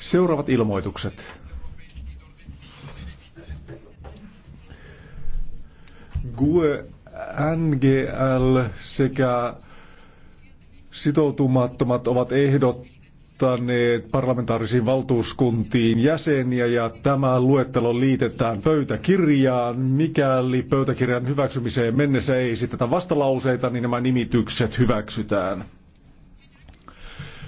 Seuraavat ilmoitukset. GUE, NGL sekä sitoutumattomat ovat ehdottaneet parlamentaarisiin valtuuskuntiin jäseniä ja tämä luettelo liitetään pöytäkirjaan. Mikäli pöytäkirjan hyväksymiseen mennessä ei esitetä vastalauseita, niin nämä nimitykset hyväksytään.